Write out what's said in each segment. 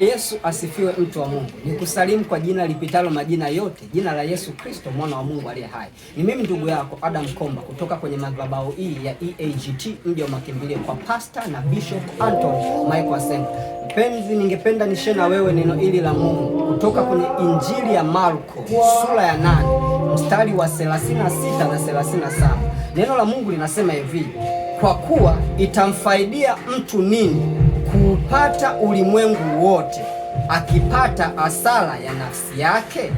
Yesu asifiwe, mtu wa Mungu. Nikusalimu kwa jina lipitalo majina yote, jina la Yesu Kristo, mwana wa Mungu aliye hai. Ni mimi ndugu yako Adam Komba kutoka kwenye madhabahu hii ya EAGT mji wa makimbilio kwa Pastor na Bishop Anton Michael Asenga. Mpenzi, ningependa nishe na wewe neno hili la Mungu kutoka kwenye Injili ya Marko sura ya nane mstari wa 36 na 37. Neno la Mungu linasema hivi: kwa kuwa itamfaidia mtu nini kuupata ulimwengu wote akipata asala ya nafsi yake?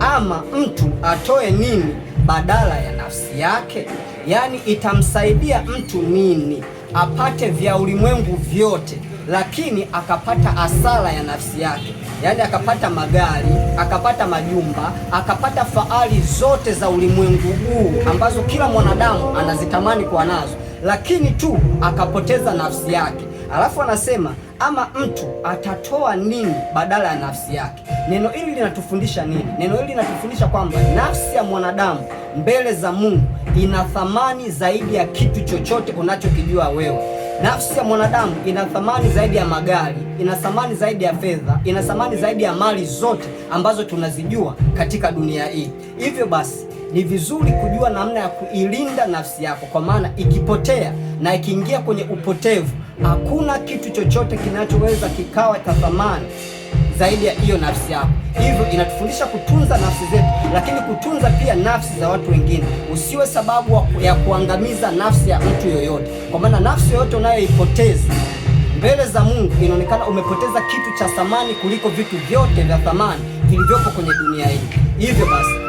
Ama mtu atoe nini badala ya nafsi yake? Yaani, itamsaidia mtu nini apate vya ulimwengu vyote lakini akapata asara ya nafsi yake? Yaani akapata magari, akapata majumba, akapata fahari zote za ulimwengu huu ambazo kila mwanadamu anazitamani kuwa nazo, lakini tu akapoteza nafsi yake. Alafu anasema ama mtu atatoa nini badala ya nafsi yake? Neno hili linatufundisha nini? Neno hili linatufundisha kwamba nafsi ya mwanadamu mbele za Mungu ina thamani zaidi ya kitu chochote unachokijua wewe. Nafsi ya mwanadamu ina thamani zaidi ya magari, ina thamani zaidi ya fedha, ina thamani zaidi ya mali zote ambazo tunazijua katika dunia hii. Hivyo basi ni vizuri kujua namna ya kuilinda nafsi yako, kwa maana ikipotea na ikiingia kwenye upotevu, hakuna kitu chochote kinachoweza kikawa cha thamani zaidi ya hiyo nafsi yako. Hivyo inatufundisha kutunza nafsi zetu, lakini kutunza pia nafsi za watu wengine. Usiwe sababu ya kuangamiza nafsi ya mtu yoyote, kwa maana nafsi yoyote unayoipoteza mbele za Mungu inaonekana umepoteza kitu cha thamani kuliko vitu vyote vya thamani vilivyopo kwenye dunia hii. Hivyo basi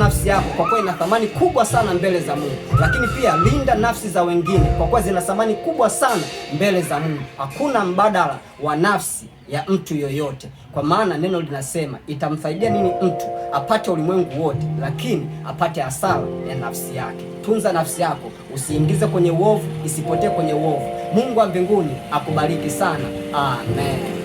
nafsi yako kwa kuwa ina thamani kubwa sana mbele za Mungu, lakini pia linda nafsi za wengine kwa kuwa zina thamani kubwa sana mbele za Mungu. Hakuna mbadala wa nafsi ya mtu yoyote, kwa maana neno linasema itamsaidia nini mtu apate ulimwengu wote, lakini apate hasara ya nafsi yake? Tunza nafsi yako, usiingize kwenye uovu, isipotee kwenye uovu. Mungu wa mbinguni akubariki sana. Amen.